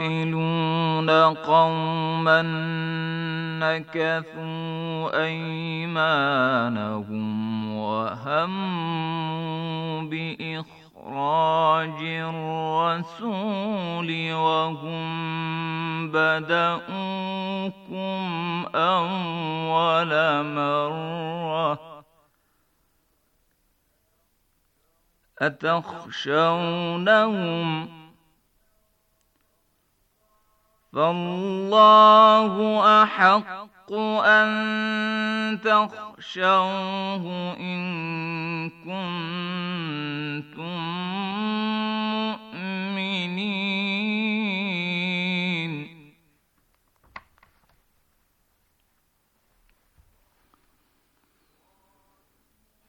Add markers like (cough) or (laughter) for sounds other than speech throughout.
يقاتلون قوما نكثوا أيمانهم وهموا بإخراج الرسول وهم بدأوكم أول مرة أتخشونهم ؟ فالله أحق أن تخشوه إن كنتم مؤمنين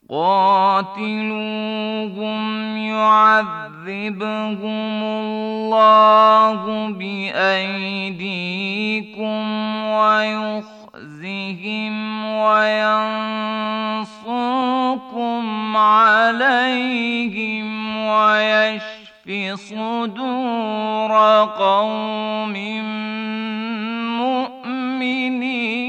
قاتلوهم يعذبهم الله بأيديكم ويخزهم وينصركم عليهم ويشف صدور قوم مؤمنين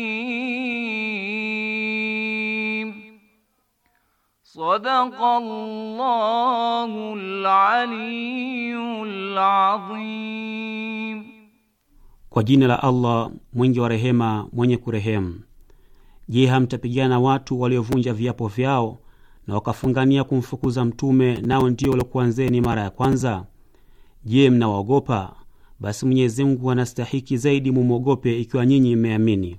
الرحيم صدق الله العلي العظيم Kwa jina la Allah mwingi wa rehema mwenye kurehemu. Je, hamtapigana watu waliovunja viapo vyao na wakafungania kumfukuza Mtume, nao ndio waliokuanzeni mara ya kwanza? Je, mnawaogopa? Basi Mwenyezi Mungu anastahiki zaidi mumwogope, ikiwa nyinyi mmeamini.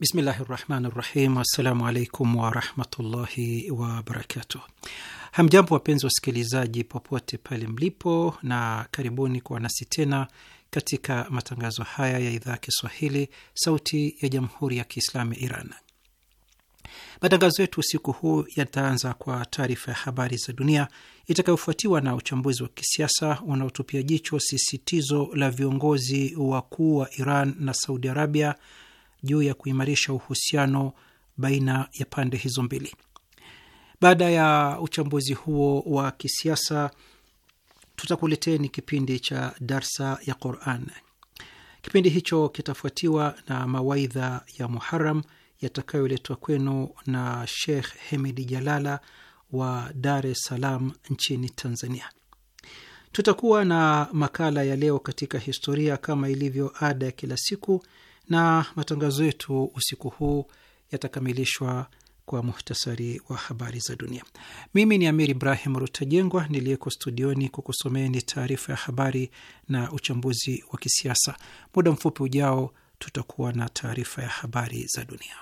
Bismillahi rahmani rahim. Assalamu alaikum warahmatullahi wabarakatuh. Hamjambo wapenzi wasikilizaji, popote pale mlipo, na karibuni kwa nasi tena katika matangazo haya ya idhaa ya Kiswahili, Sauti ya Jamhuri ya Kiislamu ya Iran. Matangazo yetu usiku huu yataanza kwa taarifa ya habari za dunia itakayofuatiwa na uchambuzi wa kisiasa unaotupia jicho sisitizo la viongozi wakuu wa Iran na Saudi Arabia juu ya kuimarisha uhusiano baina ya pande hizo mbili. Baada ya uchambuzi huo wa kisiasa, tutakuleteni kipindi cha darsa ya Quran. Kipindi hicho kitafuatiwa na mawaidha ya Muharam yatakayoletwa kwenu na Sheikh Hemidi Jalala wa Dar es Salaam nchini Tanzania. Tutakuwa na makala ya leo katika historia kama ilivyo ada ya kila siku, na matangazo yetu usiku huu yatakamilishwa kwa muhtasari wa habari za dunia. Mimi ni Amir Ibrahim Rutajengwa niliyeko studioni ni taarifa ya habari na uchambuzi wa kisiasa. Muda mfupi ujao tutakuwa na taarifa ya habari za dunia.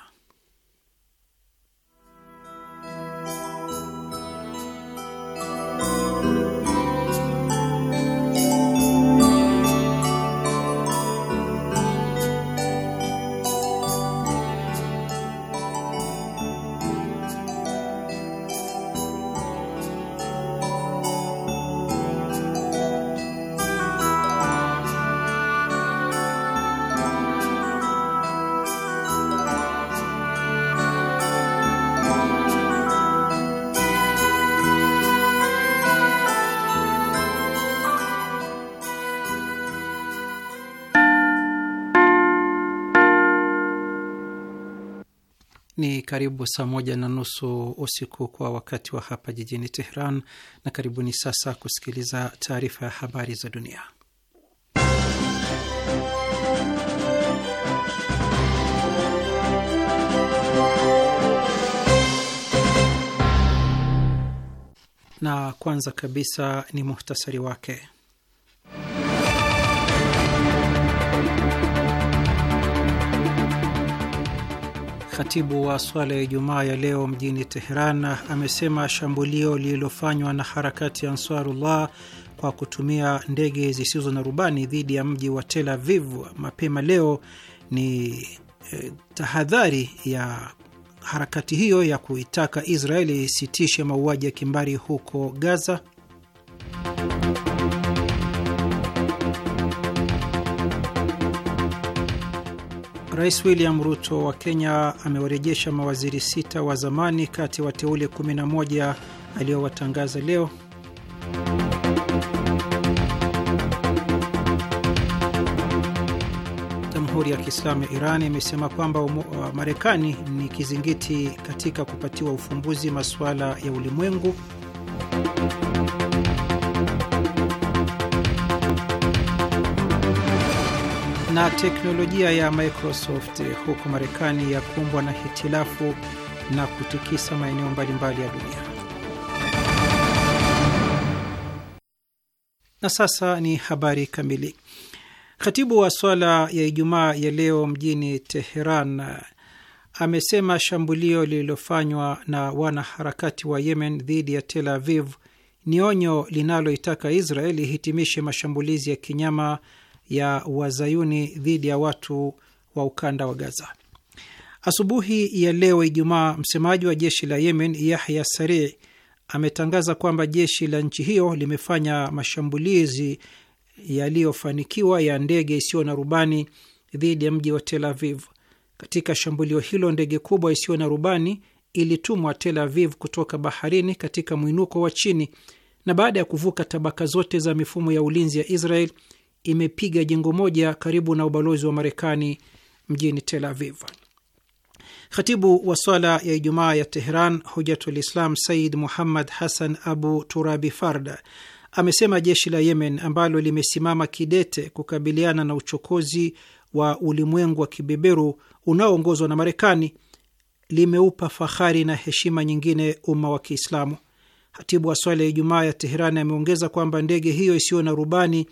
Ni karibu saa moja na nusu usiku kwa wakati wa hapa jijini Tehran, na karibuni sasa kusikiliza taarifa ya habari za dunia. Na kwanza kabisa ni muhtasari wake. Katibu wa swala ya Ijumaa ya leo mjini Teheran amesema shambulio lililofanywa na harakati ya Ansarullah kwa kutumia ndege zisizo na rubani dhidi ya mji wa Tel Aviv mapema leo ni eh, tahadhari ya harakati hiyo ya kuitaka Israeli isitishe mauaji ya kimbari huko Gaza. Rais William Ruto wa Kenya amewarejesha mawaziri sita wa zamani kati ya wateule 11 aliyowatangaza leo. Jamhuri ya Kiislamu ya Iran imesema kwamba uh, Marekani ni kizingiti katika kupatiwa ufumbuzi masuala ya ulimwengu. na teknolojia ya Microsoft huku Marekani ya kumbwa na hitilafu na kutikisa maeneo mbalimbali ya dunia. Na sasa ni habari kamili. Khatibu wa swala ya Ijumaa ya leo mjini Teheran amesema shambulio lililofanywa na wanaharakati wa Yemen dhidi ya Tel Aviv ni onyo linaloitaka Israel ihitimishe mashambulizi ya kinyama ya wazayuni dhidi ya watu wa ukanda wa Gaza. Asubuhi ya leo Ijumaa, msemaji wa jeshi la Yemen Yahya Sari ametangaza kwamba jeshi la nchi hiyo limefanya mashambulizi yaliyofanikiwa ya ndege isiyo na rubani dhidi ya mji wa Tel Aviv. Katika shambulio hilo, ndege kubwa isiyo na rubani ilitumwa Tel Aviv kutoka baharini katika mwinuko wa chini, na baada ya kuvuka tabaka zote za mifumo ya ulinzi ya Israel imepiga jengo moja karibu na ubalozi wa Marekani mjini Tel Aviv. Khatibu wa swala ya Ijumaa ya Teheran, Hujatul Islam Said Muhammad Hassan Abu Turabi Farda amesema jeshi la Yemen ambalo limesimama kidete kukabiliana na uchokozi wa ulimwengu wa kibeberu unaoongozwa na Marekani limeupa fahari na heshima nyingine umma wa Kiislamu. Hatibu wa swala ya Ijumaa ya Teherani ameongeza kwamba ndege hiyo isiyo na rubani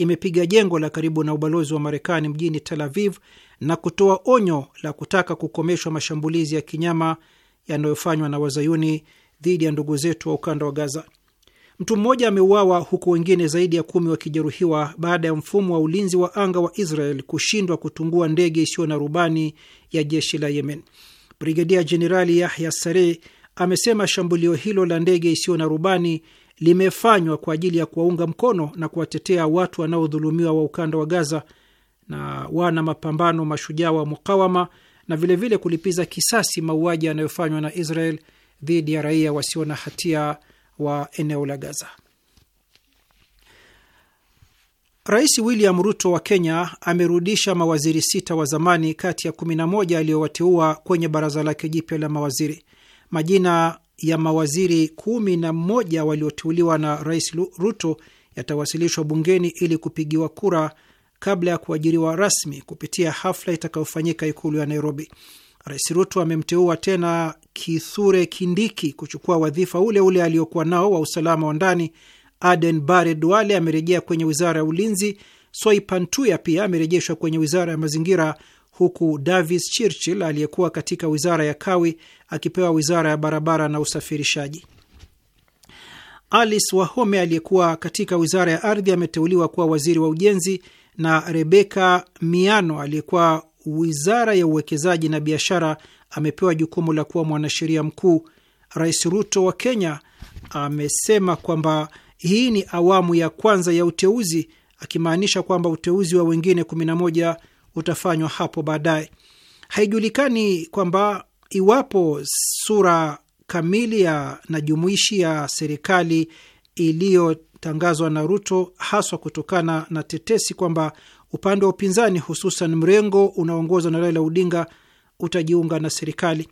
imepiga jengo la karibu na ubalozi wa Marekani mjini Tel Aviv na kutoa onyo la kutaka kukomeshwa mashambulizi ya kinyama yanayofanywa na wazayuni dhidi ya ndugu zetu wa ukanda wa Gaza. Mtu mmoja ameuawa huku wengine zaidi ya kumi wakijeruhiwa baada ya mfumo wa ulinzi wa anga wa Israel kushindwa kutungua ndege isiyo na rubani ya jeshi la Yemen. Brigedia Jenerali Yahya Sareh amesema shambulio hilo la ndege isiyo na rubani limefanywa kwa ajili ya kuwaunga mkono na kuwatetea watu wanaodhulumiwa wa ukanda wa Gaza na wana mapambano mashujaa wa mukawama na vilevile vile kulipiza kisasi mauaji yanayofanywa na Israel dhidi ya raia wasio na hatia wa eneo la Gaza. Rais William Ruto wa Kenya amerudisha mawaziri sita wa zamani kati ya 11 aliyowateua kwenye baraza lake jipya la mawaziri. Majina ya mawaziri kumi na mmoja walioteuliwa na Rais Ruto yatawasilishwa bungeni ili kupigiwa kura kabla ya kuajiriwa rasmi kupitia hafla itakayofanyika ikulu ya Nairobi. Rais Ruto amemteua tena Kithure Kindiki kuchukua wadhifa ule ule aliokuwa nao wa usalama wa ndani. Aden Bare Duale amerejea kwenye wizara ya ulinzi. soi pantuya pia amerejeshwa kwenye wizara ya mazingira, huku Davis Chirchil aliyekuwa katika wizara ya kawi akipewa wizara ya barabara na usafirishaji. Alice Wahome aliyekuwa katika wizara ya ardhi ameteuliwa kuwa waziri wa ujenzi na Rebeka Miano aliyekuwa wizara ya uwekezaji na biashara amepewa jukumu la kuwa mwanasheria mkuu. Rais Ruto wa Kenya amesema kwamba hii ni awamu ya kwanza ya uteuzi, akimaanisha kwamba uteuzi wa wengine 11 utafanywa hapo baadaye. Haijulikani kwamba Iwapo sura kamili ya na jumuishi ya serikali iliyotangazwa na Ruto, haswa kutokana na tetesi kwamba upande wa upinzani, hususan mrengo unaoongozwa na Raila Odinga utajiunga na serikali.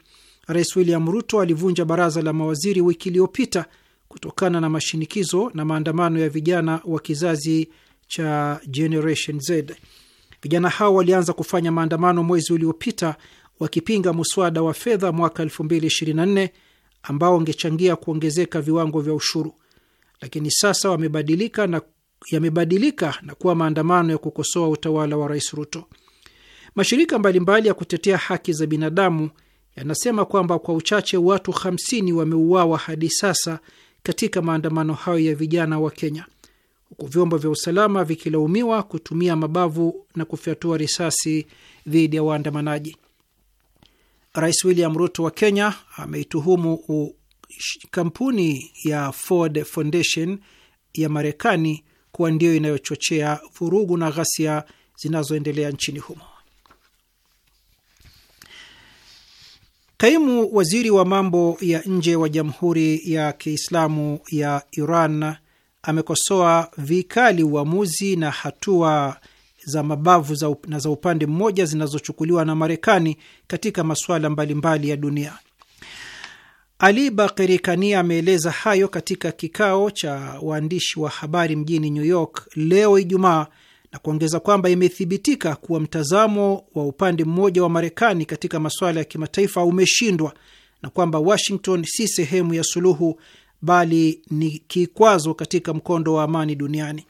Rais William Ruto alivunja baraza la mawaziri wiki iliyopita kutokana na mashinikizo na maandamano ya vijana wa kizazi cha Generation Z. Vijana hao walianza kufanya maandamano mwezi uliopita wakipinga muswada wa fedha mwaka 2024 ambao ungechangia kuongezeka viwango vya ushuru, lakini sasa wamebadilika na yamebadilika na kuwa maandamano ya kukosoa utawala wa Rais Ruto. Mashirika mbalimbali ya kutetea haki za binadamu yanasema kwamba kwa uchache watu 50 wameuawa hadi sasa katika maandamano hayo ya vijana wa Kenya, huku vyombo vya usalama vikilaumiwa kutumia mabavu na kufyatua risasi dhidi ya waandamanaji. Rais William Ruto wa Kenya ameituhumu kampuni ya Ford Foundation ya Marekani kuwa ndiyo inayochochea vurugu na ghasia zinazoendelea nchini humo. Kaimu waziri wa mambo ya nje wa Jamhuri ya Kiislamu ya Iran amekosoa vikali uamuzi na hatua za mabavu za na za upande mmoja zinazochukuliwa na Marekani katika masuala mbalimbali ya dunia. Ali Bakiri Kani ameeleza hayo katika kikao cha waandishi wa habari mjini New York leo Ijumaa na kuongeza kwamba imethibitika kuwa mtazamo wa upande mmoja wa Marekani katika masuala ya kimataifa umeshindwa na kwamba Washington si sehemu ya suluhu bali ni kikwazo katika mkondo wa amani duniani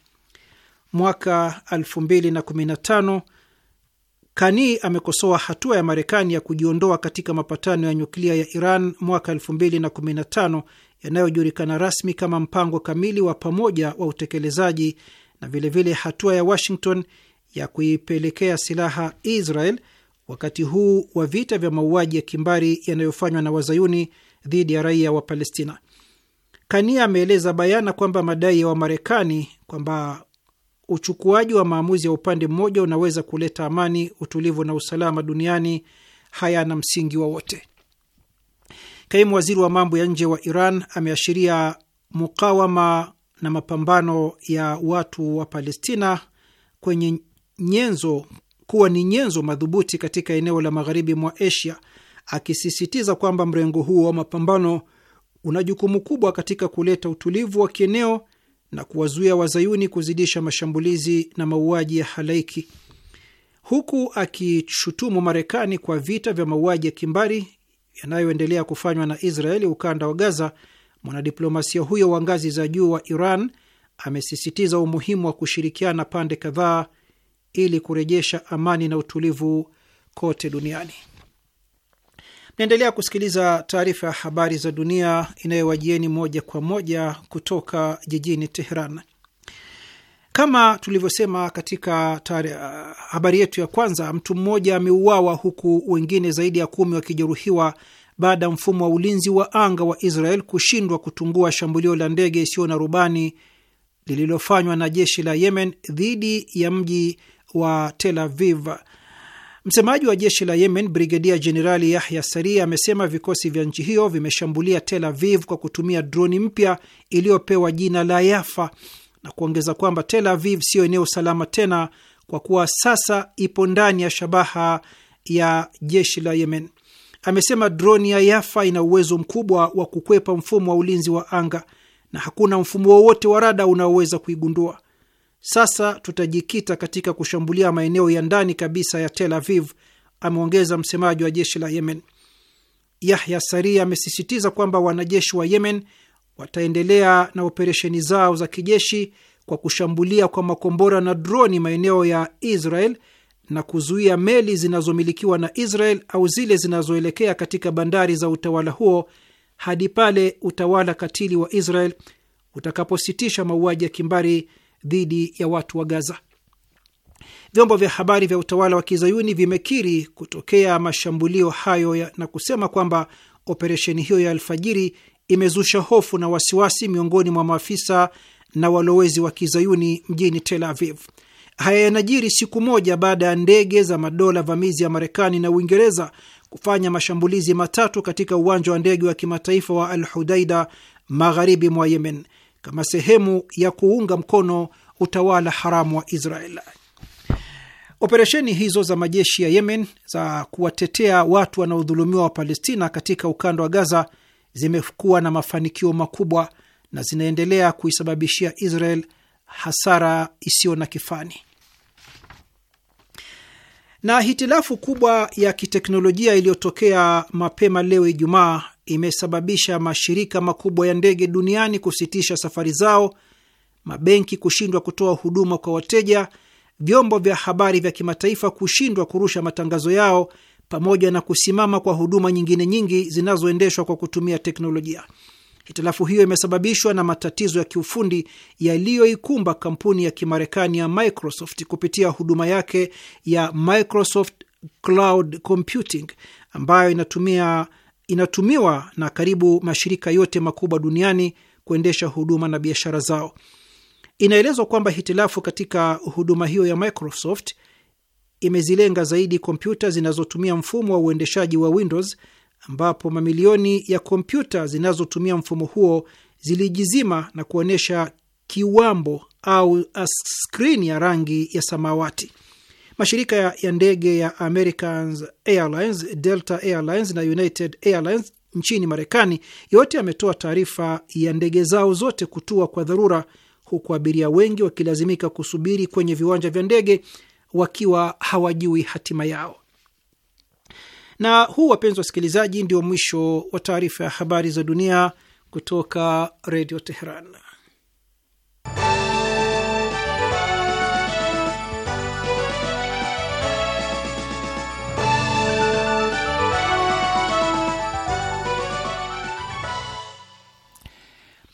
mwaka 2015 Kani amekosoa hatua ya Marekani ya kujiondoa katika mapatano ya nyuklia ya Iran mwaka 2015 yanayojulikana rasmi kama mpango kamili wa pamoja wa utekelezaji na vilevile vile hatua ya Washington ya kuipelekea silaha Israel wakati huu wa vita vya mauaji ya kimbari yanayofanywa na wazayuni dhidi ya raia wa Palestina. Kani ameeleza bayana kwamba madai ya Wamarekani kwamba uchukuaji wa maamuzi ya upande mmoja unaweza kuleta amani, utulivu na usalama duniani hayana msingi wowote. Kaimu waziri wa mambo ya nje wa Iran ameashiria mukawama na mapambano ya watu wa Palestina kwenye nyenzo kuwa ni nyenzo madhubuti katika eneo la magharibi mwa Asia, akisisitiza kwamba mrengo huo wa mapambano una jukumu kubwa katika kuleta utulivu wa kieneo na kuwazuia wazayuni kuzidisha mashambulizi na mauaji ya halaiki, huku akishutumu Marekani kwa vita vya mauaji ya kimbari yanayoendelea kufanywa na Israeli ukanda wa Gaza. Mwanadiplomasia huyo wa ngazi za juu wa Iran amesisitiza umuhimu wa kushirikiana pande kadhaa ili kurejesha amani na utulivu kote duniani. Naendelea kusikiliza taarifa ya habari za dunia inayowajieni moja kwa moja kutoka jijini Teheran. Kama tulivyosema katika uh, habari yetu ya kwanza, mtu mmoja ameuawa huku wengine zaidi ya kumi wakijeruhiwa baada ya mfumo wa ulinzi wa anga wa Israel kushindwa kutungua shambulio la ndege isiyo na rubani lililofanywa na jeshi la Yemen dhidi ya mji wa Tel Aviv Msemaji wa jeshi la Yemen, Brigedia Jenerali Yahya Sari, amesema vikosi vya nchi hiyo vimeshambulia Tel Aviv kwa kutumia droni mpya iliyopewa jina la Yafa na kuongeza kwamba Tel Aviv siyo eneo salama tena kwa kuwa sasa ipo ndani ya shabaha ya jeshi la Yemen. Amesema droni ya Yafa ina uwezo mkubwa wa kukwepa mfumo wa ulinzi wa anga na hakuna mfumo wowote wa rada unaoweza kuigundua. Sasa tutajikita katika kushambulia maeneo ya ndani kabisa ya Tel Aviv, ameongeza msemaji wa jeshi la Yemen. Yahya sari amesisitiza kwamba wanajeshi wa Yemen wataendelea na operesheni zao za kijeshi kwa kushambulia kwa makombora na droni maeneo ya Israel na kuzuia meli zinazomilikiwa na Israel au zile zinazoelekea katika bandari za utawala huo hadi pale utawala katili wa Israel utakapositisha mauaji ya kimbari dhidi ya watu wa Gaza. Vyombo vya habari vya utawala wa kizayuni vimekiri kutokea mashambulio hayo na kusema kwamba operesheni hiyo ya alfajiri imezusha hofu na wasiwasi miongoni mwa maafisa na walowezi wa kizayuni mjini Tel Aviv. Haya yanajiri siku moja baada ya ndege za madola vamizi ya Marekani na Uingereza kufanya mashambulizi matatu katika uwanja wa ndege wa kimataifa wa Al Hudaida magharibi mwa Yemen kama sehemu ya kuunga mkono utawala haramu wa Israel. Operesheni hizo za majeshi ya Yemen za kuwatetea watu wanaodhulumiwa wa Palestina katika ukanda wa Gaza zimekuwa na mafanikio makubwa na zinaendelea kuisababishia Israel hasara isiyo na kifani. Na hitilafu kubwa ya kiteknolojia iliyotokea mapema leo Ijumaa imesababisha mashirika makubwa ya ndege duniani kusitisha safari zao, mabenki kushindwa kutoa huduma kwa wateja, vyombo vya habari vya kimataifa kushindwa kurusha matangazo yao, pamoja na kusimama kwa huduma nyingine nyingi zinazoendeshwa kwa kutumia teknolojia. Hitilafu hiyo imesababishwa na matatizo ya kiufundi yaliyoikumba kampuni ya Kimarekani ya Microsoft kupitia huduma yake ya Microsoft Cloud Computing ambayo inatumia inatumiwa na karibu mashirika yote makubwa duniani kuendesha huduma na biashara zao. Inaelezwa kwamba hitilafu katika huduma hiyo ya Microsoft imezilenga zaidi kompyuta zinazotumia mfumo wa uendeshaji wa Windows, ambapo mamilioni ya kompyuta zinazotumia mfumo huo zilijizima na kuonyesha kiwambo au skrini ya rangi ya samawati. Mashirika ya ndege ya American Airlines, Delta Airlines na United Airlines nchini Marekani yote yametoa taarifa ya ndege zao zote kutua kwa dharura, huku abiria wengi wakilazimika kusubiri kwenye viwanja vya ndege wakiwa hawajui hatima yao. Na huu, wapenzi wasikilizaji, ndio mwisho wa taarifa ya habari za dunia kutoka Redio Teheran.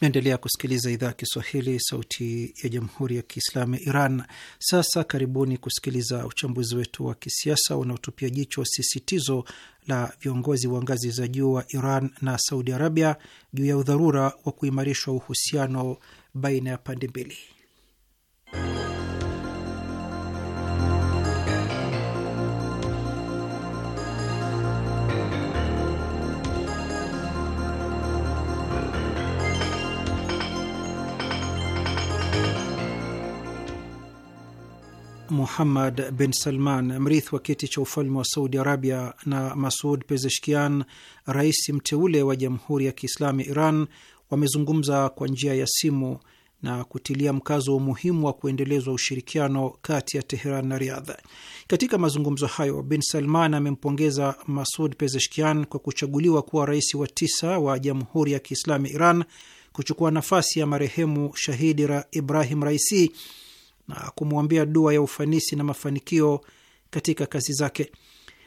Naendelea kusikiliza idhaa ya Kiswahili, sauti ya jamhuri ya kiislamu ya Iran. Sasa karibuni kusikiliza uchambuzi wetu wa kisiasa unaotupia jicho sisitizo la viongozi wa ngazi za juu wa Iran na Saudi Arabia juu ya udharura wa kuimarishwa uhusiano baina ya pande mbili. Muhammad bin Salman, mrithi wa kiti cha ufalme wa Saudi Arabia, na Masud Pezeshkian, rais mteule wa Jamhuri ya Kiislamu ya Iran, wamezungumza kwa njia ya simu na kutilia mkazo umuhimu wa kuendelezwa ushirikiano kati ya Teheran na Riadha. Katika mazungumzo hayo, Bin Salman amempongeza Masud Pezeshkian kwa kuchaguliwa kuwa rais wa tisa wa Jamhuri ya Kiislamu ya Iran, kuchukua nafasi ya marehemu shahidi Ibrahim Raisi na kumwambia dua ya ufanisi na mafanikio katika kazi zake.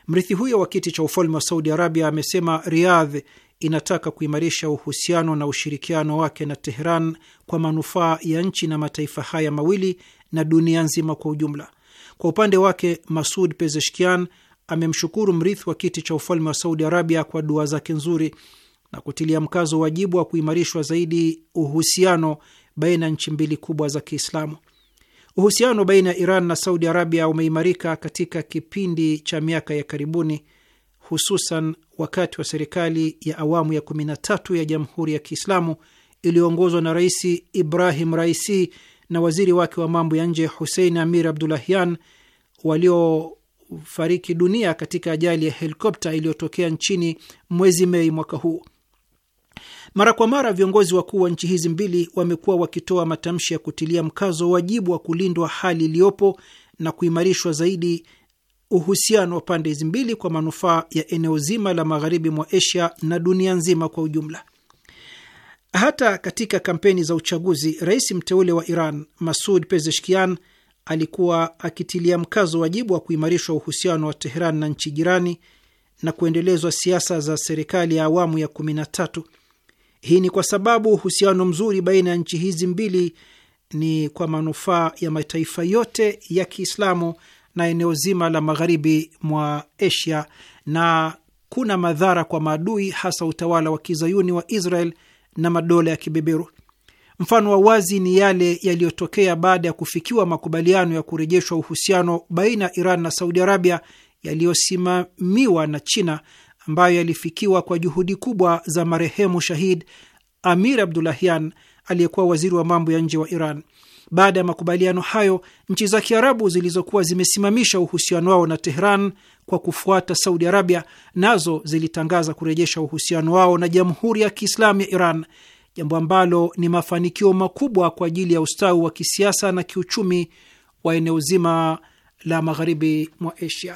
Mrithi huyo wa kiti cha ufalme wa Saudi Arabia amesema Riyadh inataka kuimarisha uhusiano na ushirikiano wake na Tehran kwa manufaa ya nchi na mataifa haya mawili na dunia nzima kwa ujumla. Kwa upande wake, Masud Pezeshkian amemshukuru mrithi wa kiti cha ufalme wa Saudi Arabia kwa dua zake nzuri na kutilia mkazo wajibu wa kuimarishwa zaidi uhusiano baina ya nchi mbili kubwa za Kiislamu. Uhusiano baina ya Iran na Saudi Arabia umeimarika katika kipindi cha miaka ya karibuni, hususan wakati wa serikali ya awamu ya 13 ya Jamhuri ya Kiislamu iliyoongozwa na Rais Ibrahim Raisi na waziri wake wa mambo ya nje Hussein Amir Abdulahian waliofariki dunia katika ajali ya helikopta iliyotokea nchini mwezi Mei mwaka huu. Mara kwa mara viongozi wakuu wa nchi hizi mbili wamekuwa wakitoa matamshi ya kutilia mkazo wajibu wa kulindwa hali iliyopo na kuimarishwa zaidi uhusiano wa pande hizi mbili kwa manufaa ya eneo zima la magharibi mwa Asia na dunia nzima kwa ujumla. Hata katika kampeni za uchaguzi, rais mteule wa Iran Masud Pezeshkian alikuwa akitilia mkazo wajibu wa kuimarishwa uhusiano wa Teheran na nchi jirani na kuendelezwa siasa za serikali ya awamu ya kumi na tatu hii ni kwa sababu uhusiano mzuri baina ya nchi hizi mbili ni kwa manufaa ya mataifa yote ya Kiislamu na eneo zima la magharibi mwa Asia, na kuna madhara kwa maadui, hasa utawala wa kizayuni wa Israel na madola ya kibeberu. Mfano wa wazi ni yale yaliyotokea baada ya kufikiwa makubaliano ya kurejeshwa uhusiano baina ya Iran na Saudi Arabia yaliyosimamiwa na China ambayo yalifikiwa kwa juhudi kubwa za marehemu Shahid Amir Abdulahian aliyekuwa waziri wa mambo ya nje wa Iran. Baada ya makubaliano hayo, nchi za Kiarabu zilizokuwa zimesimamisha uhusiano wao na Tehran kwa kufuata Saudi Arabia nazo zilitangaza kurejesha uhusiano wao na Jamhuri ya Kiislamu ya Iran, jambo ambalo ni mafanikio makubwa kwa ajili ya ustawi wa kisiasa na kiuchumi wa eneo zima la magharibi mwa Asia.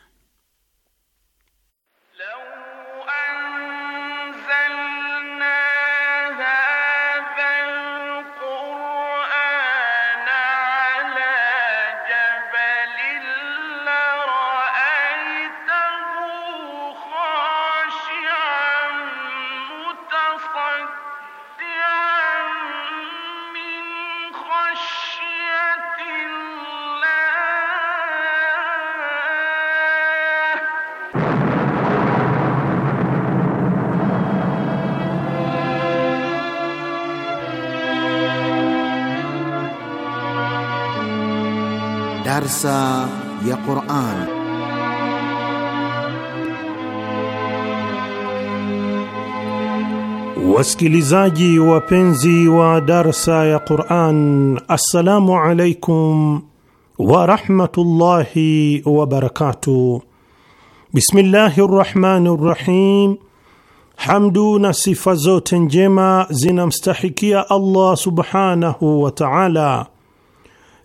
darsa ya Quran. Wasikilizaji wapenzi wa darsa ya Quran, assalamu alaikum wa rahmatullahi wa barakatuh. Bismillahi rahmani rahim. Hamdu na sifa zote njema zinamstahikia Allah subhanahu wa taala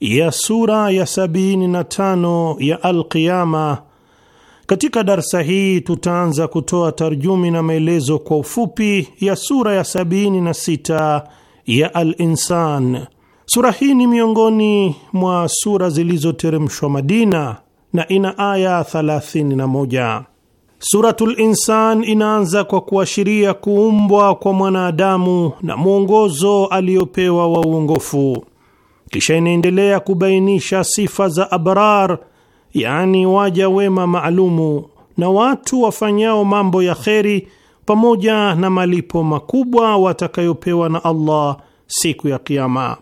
ya sura ya tano ya Alqiyama. Katika darsa hii tutaanza kutoa tarjumi na maelezo kwa ufupi ya sura ya 76 ya Al-Insan. Sura hii ni miongoni mwa sura zilizoteremshwa Madina na ina aya 31. Suratul Insan inaanza kwa kuashiria kuumbwa kwa mwanadamu na mwongozo aliyopewa wa uongofu. Kisha inaendelea kubainisha sifa za abrar, yaani waja wema maalumu na watu wafanyao mambo ya kheri, pamoja na malipo makubwa watakayopewa na Allah siku ya Kiyama.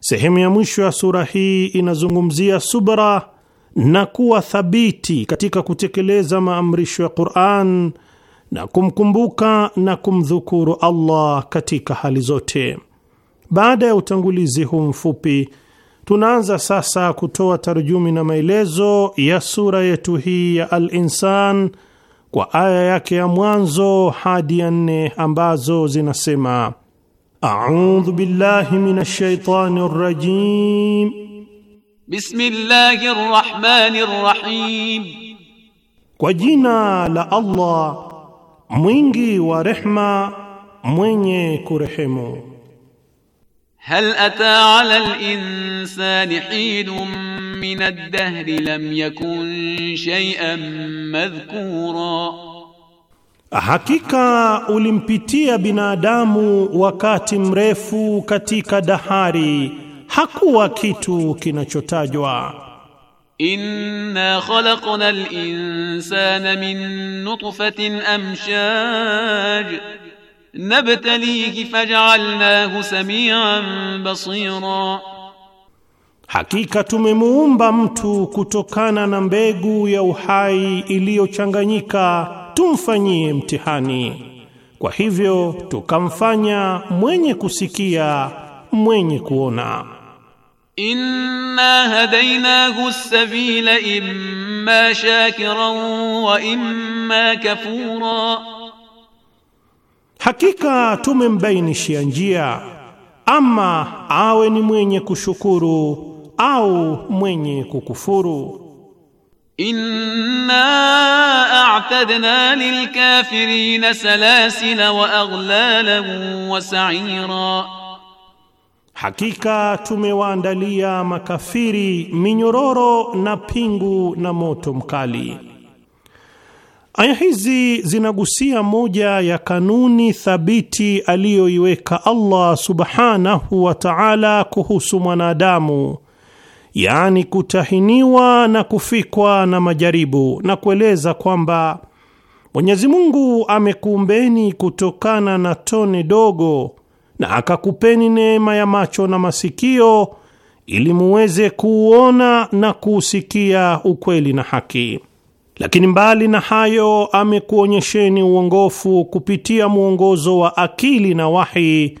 Sehemu ya mwisho ya sura hii inazungumzia subra na kuwa thabiti katika kutekeleza maamrisho ya Qur'an na kumkumbuka na kumdhukuru Allah katika hali zote. Baada ya utangulizi huu mfupi, tunaanza sasa kutoa tarjumi na maelezo ya sura yetu hii ya Al-Insan kwa aya yake ya mwanzo hadi ya nne ambazo zinasema: audhu billahi minash shaitani rrajim, bismillahir rahmanir rahim, kwa jina la Allah mwingi wa rehma mwenye kurehemu hal ata ala al-insani hinun min ad-dahri lam yakun hakika ulimpitia binadamu wakati mrefu katika dahari, hakuwa kitu kinachotajwa. Inna khalaqna al-insana min nutfatin amshaj nabtalihi fajalnahu samian basira, hakika tumemuumba mtu kutokana na mbegu ya uhai iliyochanganyika, tumfanyie mtihani. Kwa hivyo tukamfanya mwenye kusikia, mwenye kuona. Inna hadainahu sabila imma shakiran wa imma kafura Hakika tumembainishia njia, ama awe ni mwenye kushukuru au mwenye kukufuru. Inna a'tadna lilkafirina salasila wa aghlala wa sa'ira, hakika tumewaandalia makafiri minyororo na pingu na moto mkali. Aya hizi zinagusia moja ya kanuni thabiti aliyoiweka Allah subhanahu wa ta'ala kuhusu mwanadamu, yaani kutahiniwa na kufikwa na majaribu, na kueleza kwamba Mwenyezi Mungu amekuumbeni kutokana na tone dogo na akakupeni neema ya macho na masikio ili muweze kuuona na kuusikia ukweli na haki. Lakini mbali na hayo, amekuonyesheni uongofu kupitia mwongozo wa akili na wahi,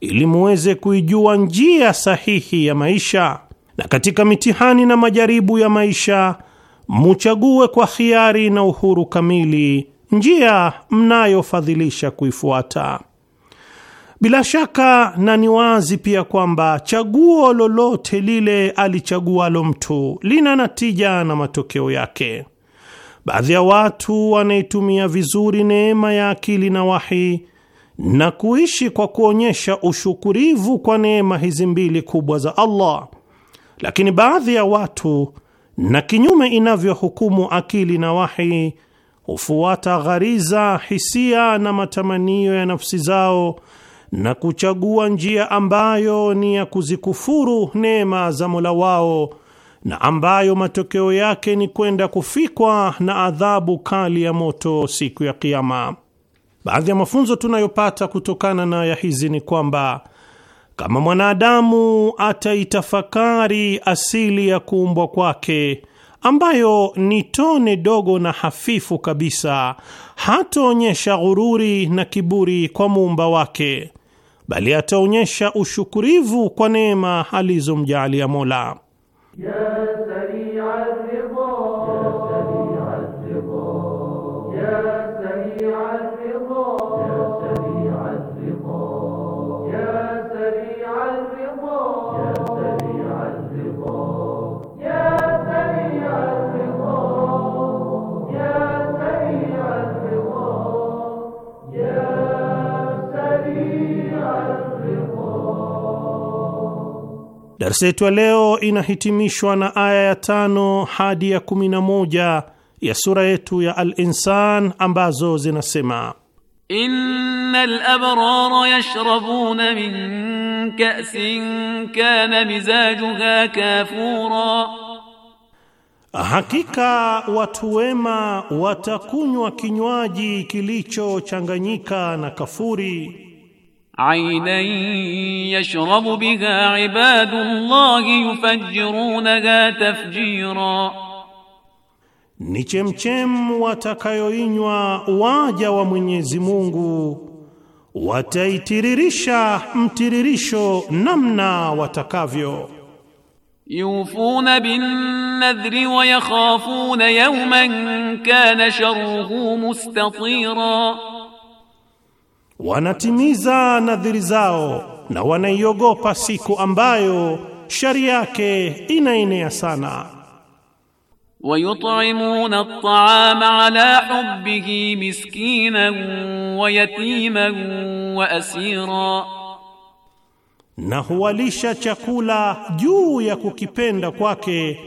ili muweze kuijua njia sahihi ya maisha, na katika mitihani na majaribu ya maisha muchague kwa hiari na uhuru kamili njia mnayofadhilisha kuifuata. Bila shaka na ni wazi pia kwamba chaguo lolote lile alichagualo mtu lina natija na matokeo yake. Baadhi ya watu wanaitumia vizuri neema ya akili na wahi na kuishi kwa kuonyesha ushukurivu kwa neema hizi mbili kubwa za Allah, lakini baadhi ya watu na kinyume inavyohukumu akili na wahi hufuata ghariza, hisia na matamanio ya nafsi zao na kuchagua njia ambayo ni ya kuzikufuru neema za Mola wao na ambayo matokeo yake ni kwenda kufikwa na adhabu kali ya moto siku ya Kiama. Baadhi ya mafunzo tunayopata kutokana na aya hizi ni kwamba kama mwanadamu ataitafakari asili ya kuumbwa kwake ambayo ni tone dogo na hafifu kabisa, hataonyesha ghururi na kiburi kwa muumba wake, bali ataonyesha ushukurivu kwa neema alizomjaalia Mola. Yeah. Darsa yetu ya leo inahitimishwa na aya ya tano hadi ya kumi na moja ya sura yetu ya Al-Insan ambazo zinasema: innal abrara yashrabuna min ka'sin kana mizajuha kafura, hakika watu wema watakunywa kinywaji kilichochanganyika na kafuri عينا يشرب بها عباد الله يفجرونها تفجيرا ni chemchem watakayoinywa waja wa Mwenyezi Mungu, wataitiririsha mtiririsho namna watakavyo. yufuna bin nadhri wa yakhafuna yawman kana sharruhu mustatira wanatimiza nadhiri zao na wanaiogopa siku ambayo shari yake inaenea sana. yut'imuna at'ama ala hubbihi miskinan wa yatiman wa asira, na huwalisha chakula juu ya kukipenda kwake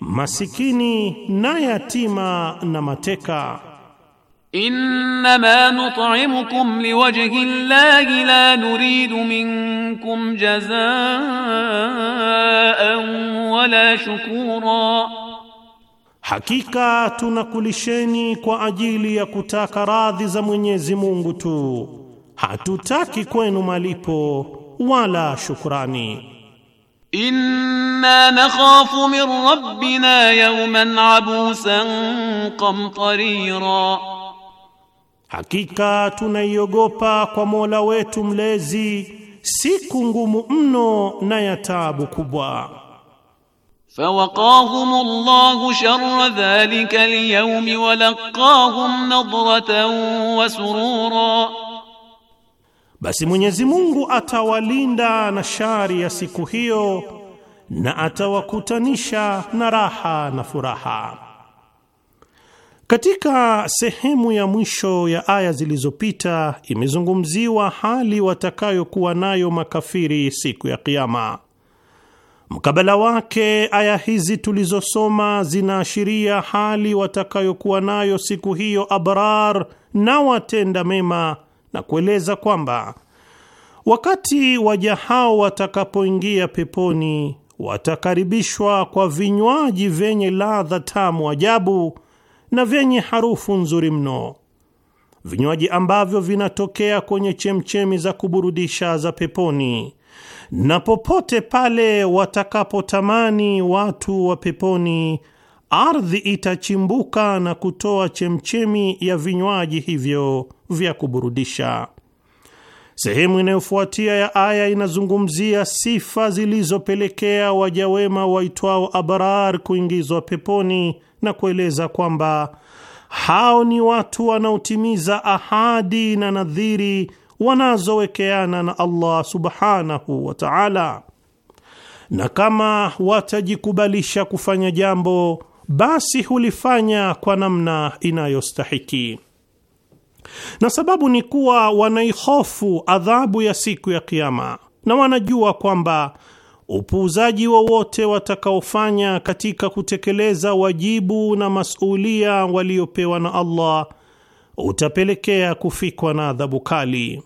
masikini na yatima na mateka. Innama nut'imukum liwajhi Allahi la nuridu minkum jazaan wala shukura, hakika tunakulisheni kwa ajili ya kutaka radhi za Mwenyezi Mungu tu, hatutaki kwenu malipo wala shukrani. Inna nakhafu min rabbina yawman abusan qamtarira Hakika tunaiogopa kwa Mola wetu mlezi siku ngumu mno na ya taabu kubwa. Fawaqahum Allahu sharra dhalika alyawm wa laqahum nadratan wa surura, basi Mwenyezi Mungu atawalinda na shari ya siku hiyo na atawakutanisha na raha na furaha. Katika sehemu ya mwisho ya aya zilizopita imezungumziwa hali watakayokuwa nayo makafiri siku ya Kiama. Mkabala wake, aya hizi tulizosoma zinaashiria hali watakayokuwa nayo siku hiyo abrar na watenda mema, na kueleza kwamba wakati waja hao watakapoingia peponi watakaribishwa kwa vinywaji vyenye ladha tamu ajabu na vyenye harufu nzuri mno, vinywaji ambavyo vinatokea kwenye chemchemi za kuburudisha za peponi, na popote pale watakapotamani watu wa peponi, ardhi itachimbuka na kutoa chemchemi ya vinywaji hivyo vya kuburudisha. Sehemu inayofuatia ya aya inazungumzia sifa zilizopelekea waja wema waitwao abrar kuingizwa peponi na kueleza kwamba hao ni watu wanaotimiza ahadi na nadhiri wanazowekeana na Allah subhanahu wa ta'ala, na kama watajikubalisha kufanya jambo basi hulifanya kwa namna inayostahiki. Na sababu ni kuwa wanaihofu adhabu ya siku ya Kiyama na wanajua kwamba upuuzaji wowote watakaofanya katika kutekeleza wajibu na masulia waliopewa na Allah utapelekea kufikwa na adhabu kali.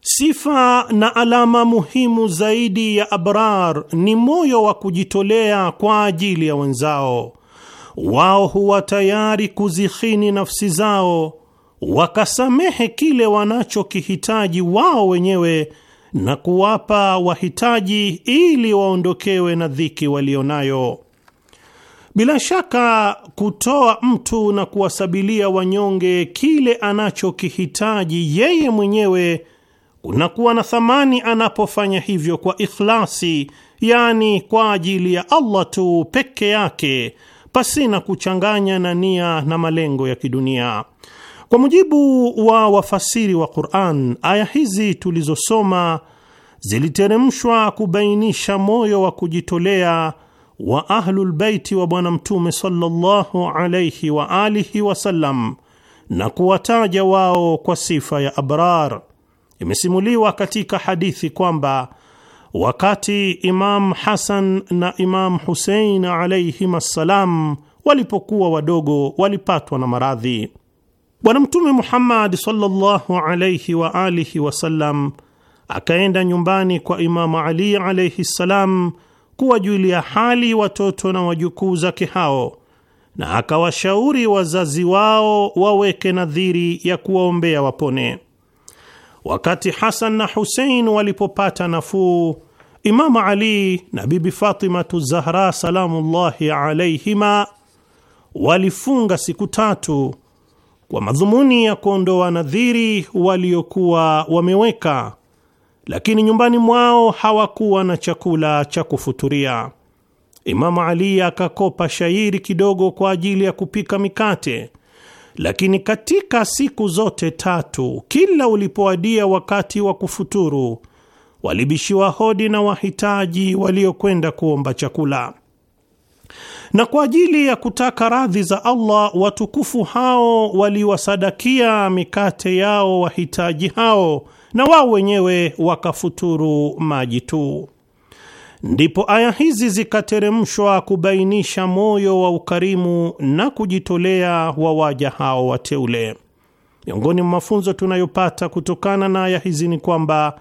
Sifa na alama muhimu zaidi ya abrar ni moyo wa kujitolea kwa ajili ya wenzao. Wao huwa tayari kuzihini nafsi zao wakasamehe kile wanachokihitaji wao wenyewe na kuwapa wahitaji ili waondokewe na dhiki nayo Bila shaka kutoa mtu na kuwasabilia wanyonge kile anachokihitaji yeye mwenyewe kunakuwa na thamani anapofanya hivyo kwa ikhlasi, yaani kwa ajili ya Allah tu peke yake, pasina kuchanganya na nia na malengo ya kidunia. Kwa mujibu wa wafasiri wa Qur'an, aya hizi tulizosoma ziliteremshwa kubainisha moyo wa kujitolea wa Ahlul Baiti wa Bwana Mtume sallallahu alayhi wa alihi wasallam na kuwataja wao kwa sifa ya abrar. Imesimuliwa katika hadithi kwamba wakati Imam Hasan na Imam Husein alayhim assalam walipokuwa wadogo walipatwa na maradhi. Bwana Mtume Muhammad sallallahu alayhi wa alihi wasallam akaenda nyumbani kwa Imamu Ali alayhi ssalam kuwajulia hali watoto na wajukuu zake hao, na akawashauri wazazi wao waweke nadhiri ya kuwaombea wapone. Wakati Hasan na Husein walipopata nafuu, Imamu Ali na Bibi Fatimatu Zahra salamullahi alayhima walifunga siku tatu kwa madhumuni ya kuondoa nadhiri waliokuwa wameweka, lakini nyumbani mwao hawakuwa na chakula cha kufuturia. Imamu Ali akakopa shairi kidogo kwa ajili ya kupika mikate, lakini katika siku zote tatu, kila ulipoadia wakati wa kufuturu, walibishiwa hodi na wahitaji waliokwenda kuomba chakula na kwa ajili ya kutaka radhi za Allah watukufu hao waliwasadakia mikate yao wahitaji hao, na wao wenyewe wakafuturu maji tu. Ndipo aya hizi zikateremshwa kubainisha moyo wa ukarimu na kujitolea wa waja hao wateule. Miongoni mwa mafunzo tunayopata kutokana na aya hizi ni kwamba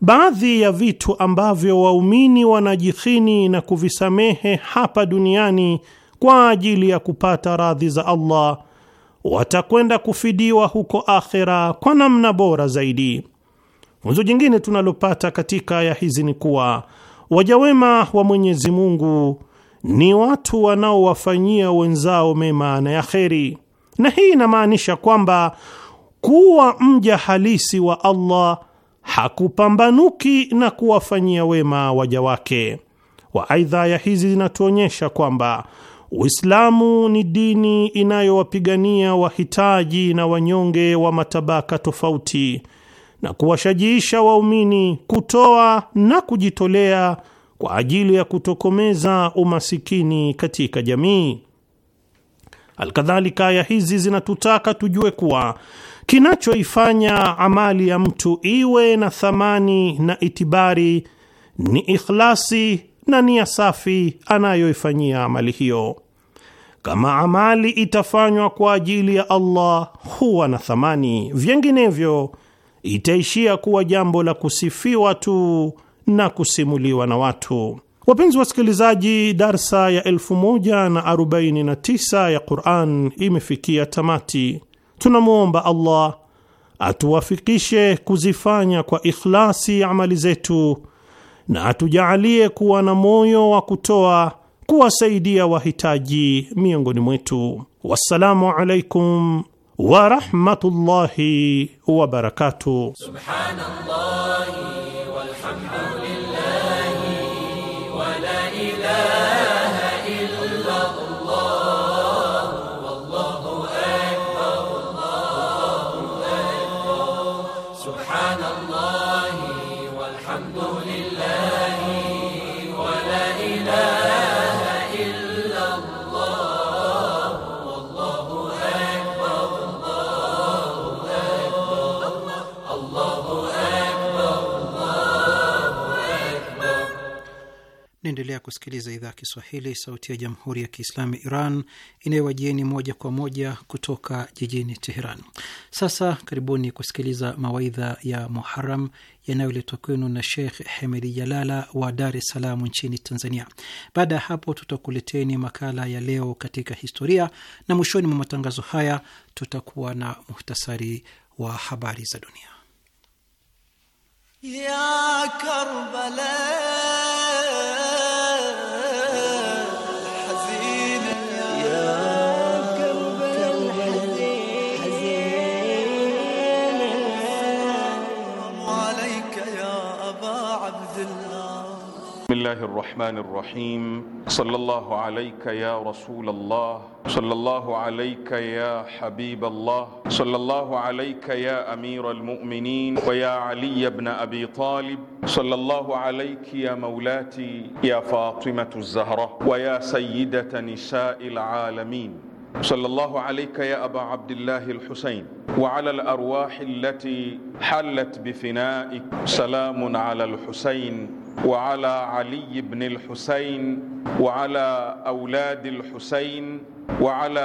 Baadhi ya vitu ambavyo waumini wanajihini na kuvisamehe hapa duniani kwa ajili ya kupata radhi za Allah watakwenda kufidiwa huko akhera kwa namna bora zaidi. Funzo jingine tunalopata katika aya hizi ni kuwa wajawema wa Mwenyezi Mungu ni watu wanaowafanyia wenzao mema na ya kheri, na hii inamaanisha kwamba kuwa mja halisi wa Allah hakupambanuki na kuwafanyia wema waja wake wa. Aidha, aya hizi zinatuonyesha kwamba Uislamu ni dini inayowapigania wahitaji na wanyonge wa matabaka tofauti na kuwashajiisha waumini kutoa na kujitolea kwa ajili ya kutokomeza umasikini katika jamii. Alkadhalika, aya hizi zinatutaka tujue kuwa Kinachoifanya amali ya mtu iwe na thamani na itibari ni ikhlasi na nia safi anayoifanyia amali hiyo. Kama amali itafanywa kwa ajili ya Allah huwa na thamani, vinginevyo itaishia kuwa jambo la kusifiwa tu na kusimuliwa na watu. Wapenzi wasikilizaji, darsa ya 1149 ya Quran imefikia tamati. Tunamwomba Allah atuwafikishe kuzifanya kwa ikhlasi amali zetu na atujaalie kuwa na moyo wa kutoa, kuwasaidia wahitaji miongoni mwetu. Wassalamu alaikum wa rahmatullahi wa barakatuh. Subhanallah. Naendelea kusikiliza idhaa ya Kiswahili, sauti ya jamhuri ya kiislamu Iran inayowajieni moja kwa moja kutoka jijini Teheran. Sasa karibuni kusikiliza mawaidha ya Muharam yanayoletwa kwenu na Sheikh Hemedi Jalala wa Dar es Salaam nchini Tanzania. Baada ya hapo, tutakuleteni makala ya leo katika historia, na mwishoni mwa matangazo haya tutakuwa na muhtasari wa habari za dunia ya Karbala. الله الرحمن الرحيم صلى الله عليك يا رسول الله صلى الله عليك يا حبيب الله صلى الله عليك يا امير المؤمنين ويا علي بن ابي طالب صلى الله عليك يا مولاتي يا فاطمه الزهراء ويا سيده نساء العالمين صلى الله عليك يا ابا عبد الله الحسين وعلى الارواح التي حلت بفنائك سلام على الحسين وعلى علي بن الحسين وعلى اولاد الحسين وعلى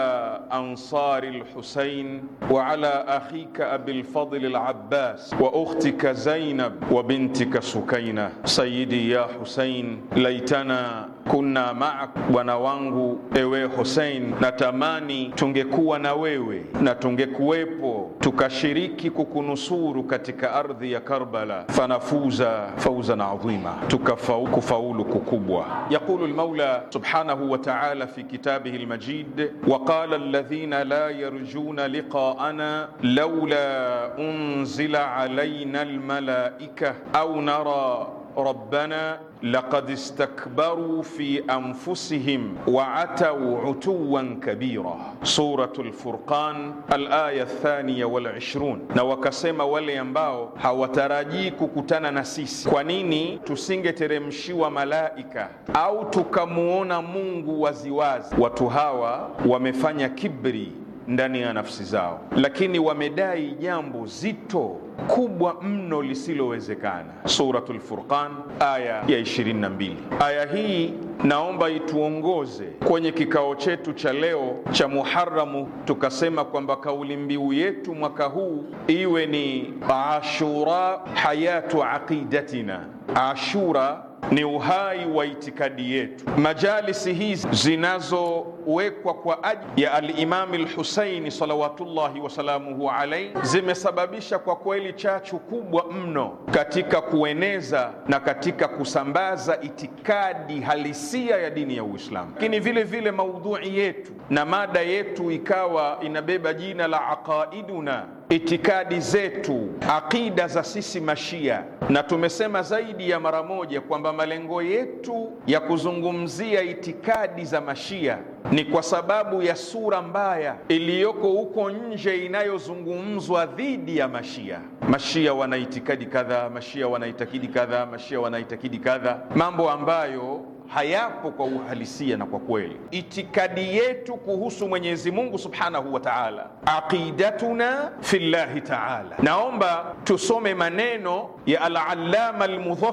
انصار الحسين وعلى اخيك ابي الفضل العباس واختك زينب وبنتك سكينه سيدي يا حسين ليتنا kunna maak, bwana wangu ewe Hussein, natamani tungekuwa na wewe na tungekuwepo tukashiriki kukunusuru katika ardhi ya Karbala, fanafuza fauzan adhima, tukafaulu kukubwa. Yaqulu lmaula subhanahu wa ta'ala fi kitabihi lmajid, wa qala alladhina la yarjuna liqa'ana laula unzila alayna almalaika au nara ربنا لقد استكبروا في انفسهم وعتوا عتوا كبيرا سوره الفرقان الآية الثانية والعشرون na wakasema wale ambao hawatarajii kukutana na sisi kwa nini tusingeteremshiwa malaika au tukamuona Mungu waziwazi watu hawa wamefanya kibri ndani ya nafsi zao, lakini wamedai jambo zito kubwa mno lisilowezekana. Suratul Furqan aya ya 22. Aya hii naomba ituongoze kwenye kikao chetu cha leo cha Muharamu, tukasema kwamba kauli mbiu yetu mwaka huu iwe ni Ashura hayatu aqidatina. Ashura ni uhai wa itikadi yetu. Majalisi hizi zinazo kuwekwa kwa ajili ya Alimami Lhusaini salawatullahi wasalamuhu alaihi zimesababisha kwa kweli chachu kubwa mno katika kueneza na katika kusambaza itikadi halisia ya dini ya Uislamu. Lakini vile vile maudhui yetu na mada yetu ikawa inabeba jina la aqaiduna itikadi zetu, akida za sisi Mashia, na tumesema zaidi ya mara moja kwamba malengo yetu ya kuzungumzia itikadi za Mashia ni kwa sababu ya sura mbaya iliyoko huko nje inayozungumzwa dhidi ya Mashia. Mashia wanaitikadi kadha, Mashia wanaitakidi kadha, Mashia wanaitakidi kadha, mambo ambayo hayapo kwa uhalisia na kwa kweli. Itikadi yetu kuhusu Mwenyezi Mungu Subhanahu wa Ta'ala, aqidatuna fillahi ta'ala. Naomba tusome maneno ya Alalama allama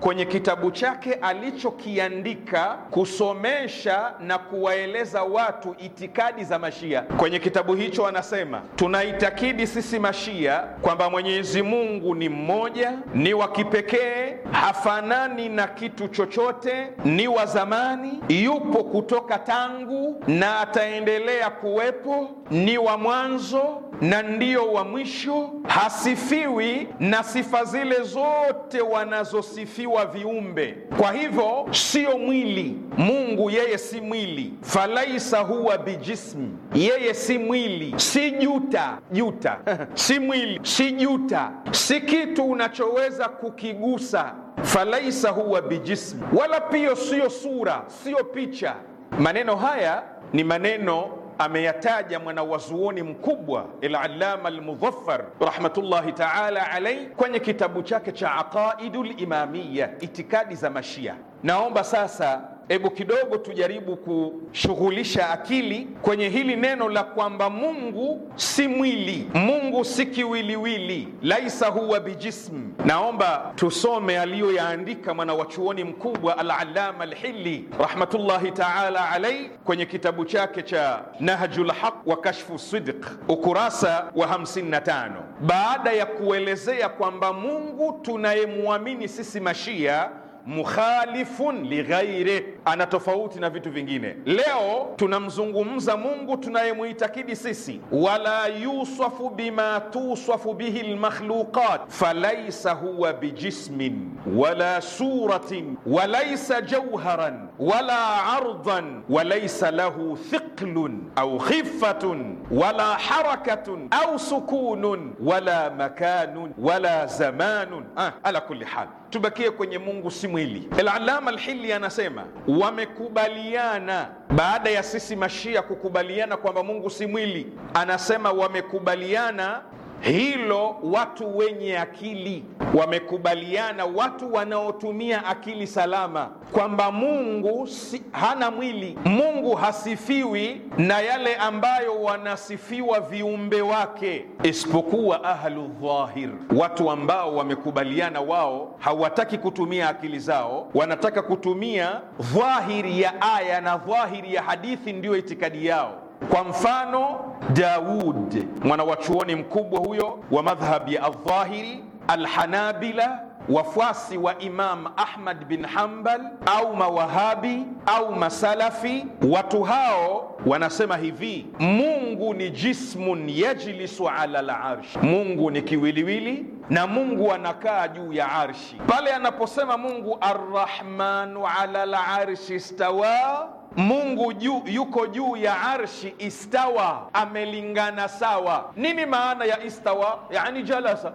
kwenye kitabu chake alichokiandika kusomesha na kuwaeleza watu itikadi za Mashia. Kwenye kitabu hicho anasema, tunaitakidi sisi Mashia kwamba Mwenyezi Mungu ni mmoja, ni wa kipekee, hafanani na kitu chochote, ni wa zamani, yupo kutoka tangu na ataendelea kuwepo, ni wa mwanzo na ndiyo wa mwisho, hasifiwi na sifa zile zile zote wanazosifiwa viumbe. Kwa hivyo sio mwili. Mungu yeye si mwili, falaisa huwa bijismi, yeye si mwili, si juta juta (laughs) si mwili, si juta, si kitu unachoweza kukigusa. Falaisa huwa bijismi, wala pia siyo sura, siyo picha. Maneno haya ni maneno ameyataja mwanawazuoni mkubwa Al-Allama Al-Mudhaffar rahmatullahi taala alayhi kwenye kitabu chake cha Aqaidul Imamiyya, itikadi za Mashia. Naomba sasa hebu kidogo tujaribu kushughulisha akili kwenye hili neno la kwamba Mungu si mwili, Mungu si kiwiliwili, laisa huwa bijism. Naomba tusome aliyoyaandika mwana wa chuoni mkubwa Alalama allama rahmatullahi taala alaih kwenye kitabu chake cha nahju lhaq wa Kashfu Sidq ukurasa wa 55 baada ya kuelezea kwamba Mungu tunayemwamini sisi mashia mukhalifun lighairi, ana tofauti na vitu vingine. Leo tunamzungumza Mungu tunayemwitakidi sisi, wala yuswafu bima tuswafu bihi lmakhluqat falaisa huwa bijismin wala suratin walaisa jawharan wala ardan walaisa lahu thiqlun au khifatun wala harakatun au sukunun wala makanun wala zamanun. Ah, ala kulli hal tubakie kwenye Mungu si mwili. Al-Allama al anasema wamekubaliana, baada ya sisi mashia kukubaliana kwamba Mungu si mwili, anasema wamekubaliana hilo watu wenye akili wamekubaliana, watu wanaotumia akili salama, kwamba Mungu si, hana mwili. Mungu hasifiwi na yale ambayo wanasifiwa viumbe wake, isipokuwa ahlu dhahir, watu ambao wamekubaliana wao hawataki kutumia akili zao, wanataka kutumia dhahiri ya aya na dhahiri ya hadithi, ndiyo itikadi yao. Kwa mfano Daud, mwana wa chuoni mkubwa huyo wa madhhabi Aldhahiri, Alhanabila, wafuasi wa Imam Ahmad bin Hanbal au mawahabi au masalafi. Watu hao wanasema hivi, Mungu ni jismun yajlisu ala larshi Mungu ni kiwiliwili na Mungu anakaa juu ya arshi. Pale anaposema Mungu arrahmanu ala larshi stawaa stawa Mungu yu, yuko juu ya arshi istawa, amelingana sawa. Nini maana ya istawa? Yani jalasa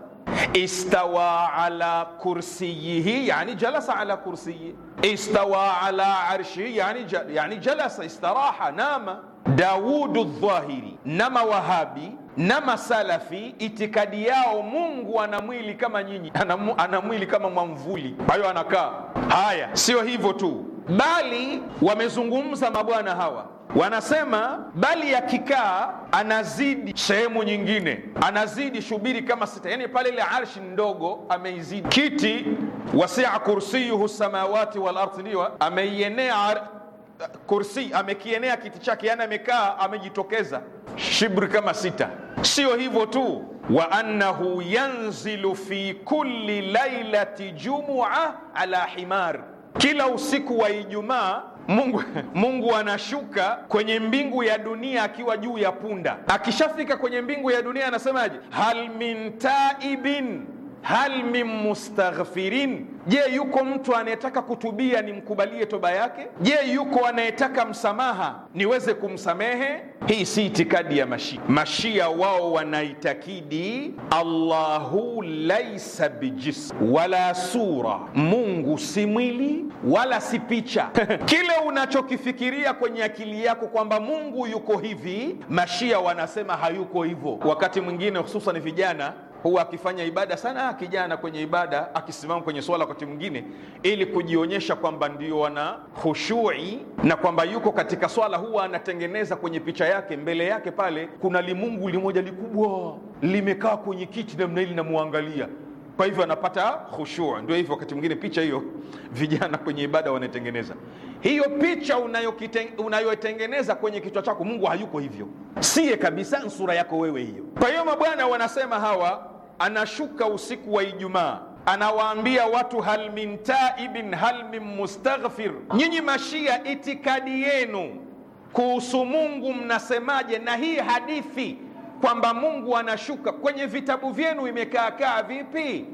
istawa ala kursiyihi yani jalasa ala kursiyi istawa ala arshi yani, yani jalasa istaraha nama. Daudu Dhahiri na mawahabi na masalafi itikadi yao Mungu ana mwili kama nyinyi, ana mwili kama mwamvuli, kwa hiyo anakaa. Haya, sio hivyo tu bali wamezungumza mabwana hawa wanasema bali yakikaa anazidi sehemu nyingine, anazidi shubiri kama sita, yani pale ile arshi ndogo ameizidi. Kiti wasia kursiyuhu samawati wal ardhi, ndio ameienea kursi, amekienea kiti chake, yani amekaa, amejitokeza shibri kama sita. Sio hivyo tu, wa annahu yanzilu fi kulli lailati jumua ala himar kila usiku wa Ijumaa Mungu, Mungu anashuka kwenye mbingu ya dunia akiwa juu ya punda. Akishafika kwenye mbingu ya dunia anasemaje? hal min taibin hal min mustaghfirin, je, yuko mtu anayetaka kutubia nimkubalie toba yake? Je, yuko anayetaka msamaha niweze kumsamehe? Hii si itikadi ya Mashia. Mashia wao wanaitakidi Allahu laisa bijis wala sura, Mungu si mwili wala si picha. (laughs) Kile unachokifikiria kwenye akili yako kwamba Mungu yuko hivi, Mashia wanasema hayuko hivyo. Wakati mwingine hususan vijana huwa akifanya ibada sana kijana kwenye ibada, akisimama kwenye swala wakati mwingine, ili kujionyesha kwamba ndio ana khushui na kwamba yuko katika swala. Huwa anatengeneza kwenye picha yake, mbele yake pale kuna limungu limoja likubwa limekaa kwenye kiti namna hili, namwangalia kwa hivyo anapata khushua. Ndio hivyo, wakati mwingine picha hiyo vijana kwenye ibada wanatengeneza hiyo picha. Unayotengeneza kwenye kichwa chako, Mungu hayuko hivyo, siye kabisa, sura yako wewe hiyo. Kwa hiyo mabwana wanasema hawa anashuka usiku wa Ijumaa, anawaambia watu hal min taibin hal min mustaghfir. Nyinyi Mashia, itikadi yenu kuhusu Mungu mnasemaje? Na hii hadithi kwamba Mungu anashuka kwenye vitabu vyenu imekaakaa vipi?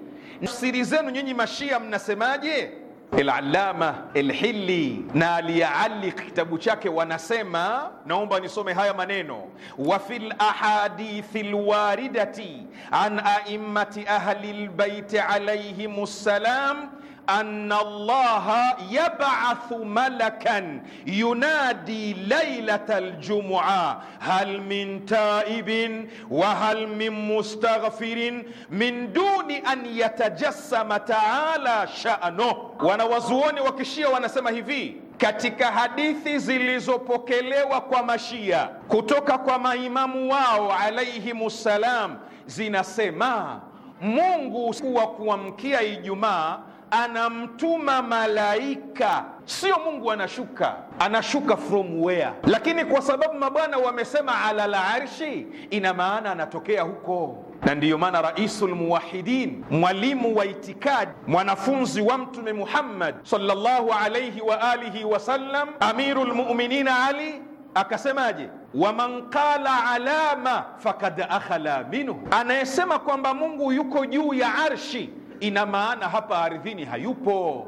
Tafsiri zenu nyinyi Mashia mnasemaje? Al-Allama Al-Hilli na aliyaalik kitabu chake wanasema, naomba nisome haya maneno: wa fil ahadithi lwaridati an aimmati ahli lbaiti alayhim ssalam anna Allaha yab'athu malakan yunadi lailata aljumua hal min taibin wa hal min mustaghfirin min duni an yatajassama taala sha'nuh. Wanawazuoni wakishia wanasema hivi katika hadithi zilizopokelewa kwa mashia kutoka kwa maimamu wao alaihimus ssalam zinasema Mungu wa kuamkia Ijumaa anamtuma malaika, sio Mungu anashuka. Anashuka from where? Lakini kwa sababu mabwana wamesema ala la arshi, ina maana anatokea huko na ndiyo maana Raisul Muwahidin, mwalimu wa itikadi, mwanafunzi wa Mtume Muhammad sallallahu alayhi wa alihi wasallam, Amirul Muminin Ali akasemaje? waman qala alama fakad akhala minhu, anayesema kwamba Mungu yuko juu ya arshi ina maana hapa ardhini hayupo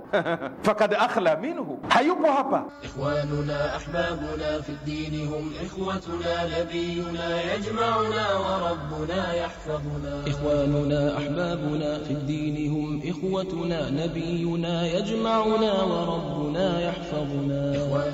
fakad akhla minhu, hayupo hapa. ikhwanuna ahbabuna fi dini hum ikhwatuna nabiyuna yajmauna wa rabbuna yahfazuna. ikhwanuna ahbabuna fi dini hum ikhwatuna nabiyuna yajmauna wa rabbuna yahfazuna.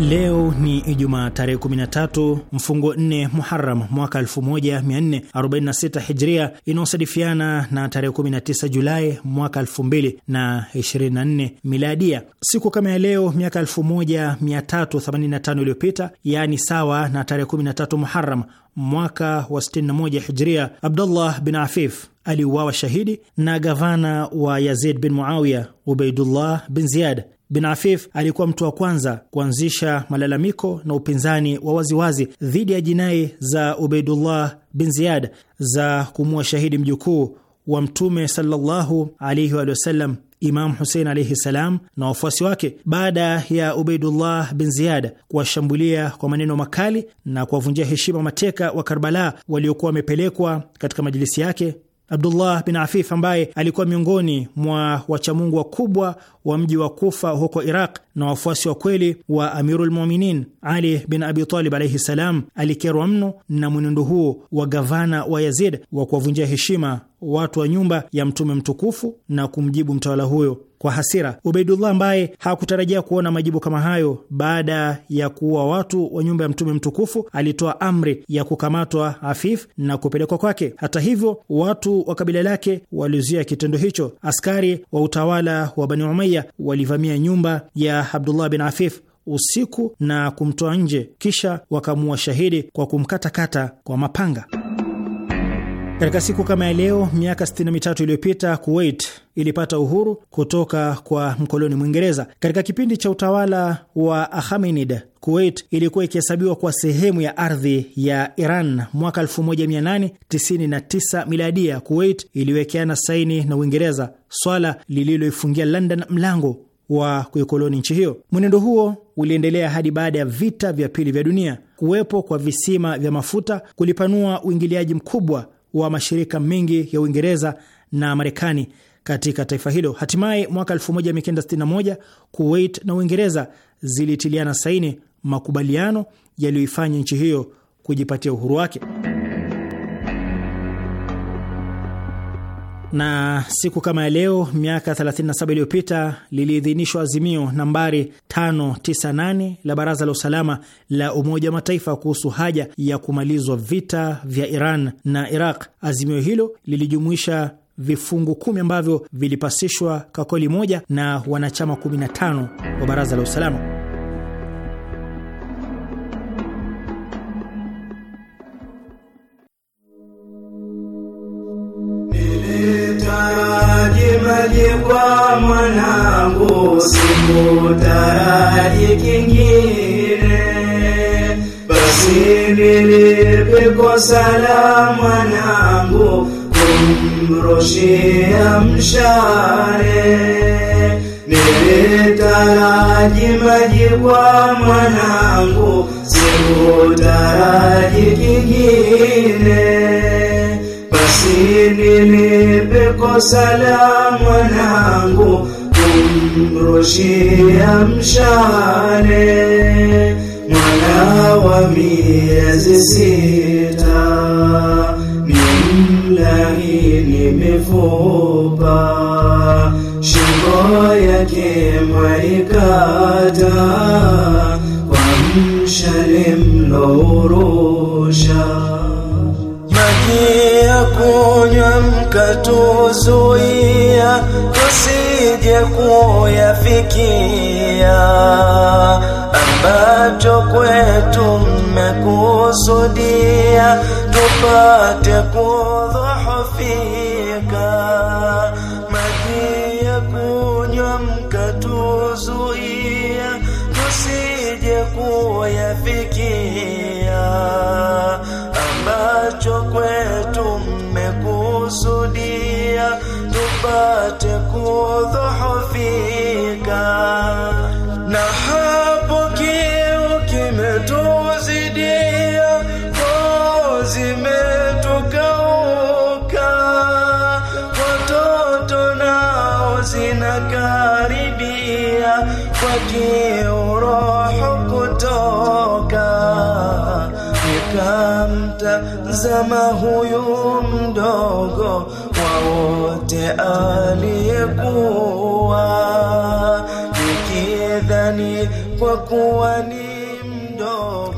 Leo ni Ijumaa tarehe 13 mfungo 4 muharam mwaka 1446 Hijria, inayosadifiana na tarehe 19 Julai mwaka 2024 Miladia. Siku kama ya leo miaka 1385 iliyopita, yaani sawa na tarehe 13 muharam mwaka wa 61 Hijria, Abdullah bin Afif aliuawa shahidi na gavana wa Yazid bin Muawiya, Ubaidullah bin Ziyad Bin Afif alikuwa mtu wa kwanza kuanzisha malalamiko na upinzani wa waziwazi dhidi ya jinai za Ubeidullah bin Ziyad za kumua shahidi mjukuu wa Mtume sallallahu alaihi wa sallam Imam Husein alaihi ssalam na wafuasi wake, baada ya Ubeidullah bin Ziyad kuwashambulia kwa maneno makali na kuwavunjia heshima mateka wa Karbala waliokuwa wamepelekwa katika majilisi yake. Abdullah bin Afif ambaye alikuwa miongoni mwa wachamungu wakubwa wa mji wa Kufa huko Iraq na wafuasi wa kweli wa amirulmuminin Ali bin Abi Talib alaihi salam, alikerwa mno na mwenendo huo wa gavana wa Yazid wa kuwavunjia heshima watu wa nyumba ya mtume mtukufu na kumjibu mtawala huyo kwa hasira. Ubeidullah ambaye hakutarajia kuona majibu kama hayo baada ya kuua watu wa nyumba ya mtume mtukufu, alitoa amri ya kukamatwa Afif na kupelekwa kwake. Hata hivyo, watu wa kabila lake walizuia kitendo hicho. Askari wa utawala wa Bani Umaya walivamia nyumba ya Abdullah bin Afif usiku na kumtoa nje, kisha wakamua shahidi kwa kumkatakata kwa mapanga. Katika siku kama ya leo miaka 63 iliyopita Kuwait ilipata uhuru kutoka kwa mkoloni Mwingereza. Katika kipindi cha utawala wa Ahaminid, Kuwait ilikuwa ikihesabiwa kwa sehemu ya ardhi ya Iran. Mwaka 1899 miladia, Kuwait iliwekeana saini na Uingereza, swala lililoifungia London mlango wa kuikoloni nchi hiyo. Mwenendo huo uliendelea hadi baada ya vita vya pili vya dunia. Kuwepo kwa visima vya mafuta kulipanua uingiliaji mkubwa wa mashirika mengi ya Uingereza na Marekani katika taifa hilo. Hatimaye mwaka 1961 Kuwait na Uingereza zilitiliana saini makubaliano yaliyoifanya nchi hiyo kujipatia uhuru wake. na siku kama ya leo miaka 37 iliyopita liliidhinishwa azimio nambari 598 la Baraza la Usalama la Umoja wa Mataifa kuhusu haja ya kumalizwa vita vya Iran na Iraq. Azimio hilo lilijumuisha vifungu kumi ambavyo vilipasishwa kwa kauli moja na wanachama 15 wa Baraza la Usalama. kwa mwanangu, sikutaraji kingine, basi nilipe kosa mwanangu kumrushia mshale. Nilitaraji maji kwa mwanangu, sikutaraji kingine Usinilipe salamu mwanangu, kumrushia mshale mwana wa miezi sita, nimlahini mifupa, shingo yake mwaikata kwa mshale mlourusha katuzuia tusije kuyafikia ambacho kwetu mmekusudia tupate ku mtazama huyu mdogo wa wote aliyekuwa nikidhani kwa kuwa ni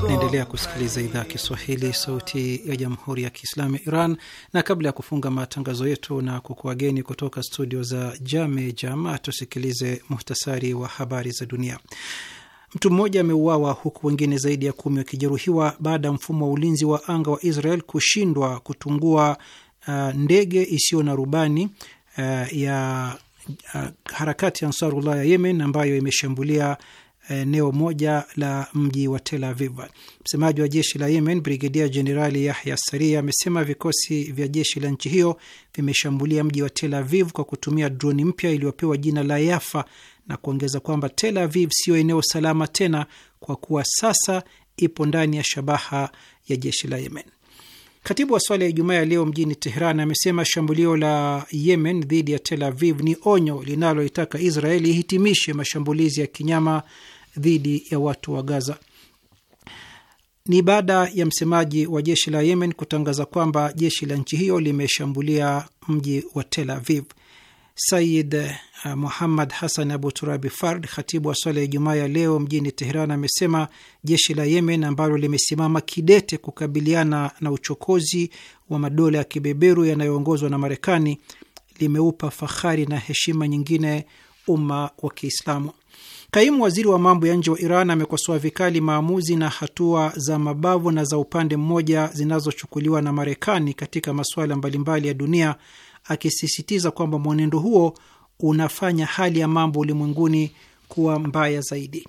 naendelea kusikiliza idhaa Kiswahili, sauti ya jamhuri ya kiislamu ya Iran. Na kabla ya kufunga matangazo yetu na kukuageni kutoka studio za Jame Jama, tusikilize muhtasari wa habari za dunia. Mtu mmoja ameuawa huku wengine zaidi ya kumi wakijeruhiwa baada ya mfumo wa ulinzi wa anga wa Israel kushindwa kutungua uh, ndege isiyo na rubani uh, ya uh, harakati ya Ansarullah ya Yemen ambayo imeshambulia uh, eneo moja la mji wa Tel Aviv. Msemaji wa jeshi la Yemen, Brigedia Jenerali Yahya Saria, amesema vikosi vya jeshi la nchi hiyo vimeshambulia mji wa Tel Aviv kwa kutumia droni mpya iliyopewa jina la Yafa na kuongeza kwamba Tel Aviv siyo eneo salama tena kwa kuwa sasa ipo ndani ya shabaha ya jeshi la Yemen. Katibu wa swala ya Ijumaa ya leo mjini Teheran amesema shambulio la Yemen dhidi ya Tel Aviv ni onyo linaloitaka Israel ihitimishe mashambulizi ya kinyama dhidi ya watu wa Gaza. Ni baada ya msemaji wa jeshi la Yemen kutangaza kwamba jeshi la nchi hiyo limeshambulia mji wa Tel Aviv. Sayid uh, Muhammad Hassan Abu Turabi Fard, khatibu wa swala ya Ijumaa ya leo mjini Teheran, amesema jeshi la Yemen ambalo limesimama kidete kukabiliana na uchokozi wa madola ya kibeberu yanayoongozwa na Marekani limeupa fahari na heshima nyingine umma wa Kiislamu. Kaimu waziri wa mambo ya nje wa Iran amekosoa vikali maamuzi na hatua za mabavu na za upande mmoja zinazochukuliwa na Marekani katika masuala mbalimbali ya dunia akisisitiza kwamba mwenendo huo unafanya hali ya mambo ulimwenguni kuwa mbaya zaidi.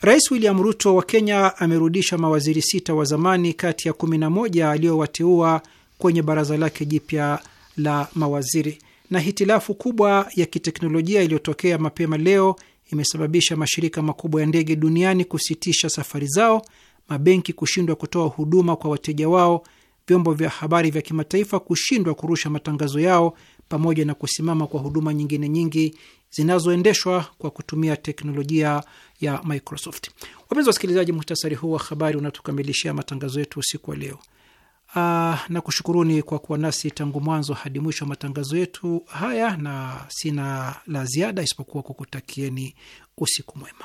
Rais William Ruto wa Kenya amerudisha mawaziri sita wa zamani kati ya moja aliyowateua kwenye baraza lake jipya la mawaziri. Na hitilafu kubwa ya kiteknolojia iliyotokea mapema leo imesababisha mashirika makubwa ya ndege duniani kusitisha safari zao, mabenki kushindwa kutoa huduma kwa wateja wao vyombo vya habari vya kimataifa kushindwa kurusha matangazo yao pamoja na kusimama kwa huduma nyingine nyingi zinazoendeshwa kwa kutumia teknolojia ya Microsoft. Wapenzi wasikilizaji, muhtasari huu wa habari unatukamilishia matangazo yetu usiku wa leo. Aa, ah, na kushukuruni kwa kuwa nasi tangu mwanzo hadi mwisho wa matangazo yetu haya, na sina la ziada isipokuwa kukutakieni usiku mwema.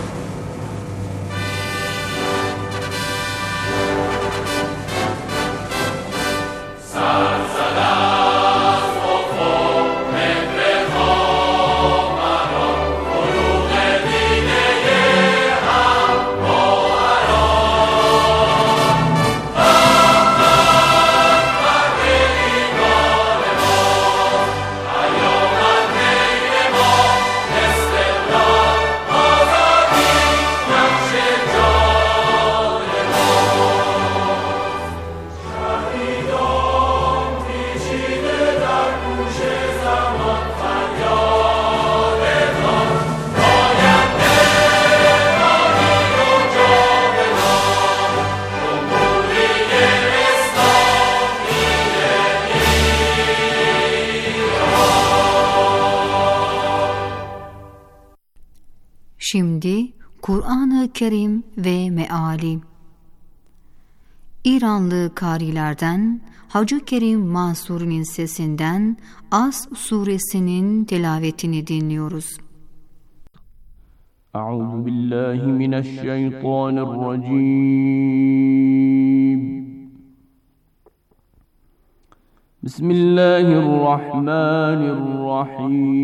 İranlı karilerden Hacı Kerim Mansur'un sesinden As suresinin tilavetini dinliyoruz. Euzu billahi mineşşeytanirracim. Bismillahirrahmanirrahim.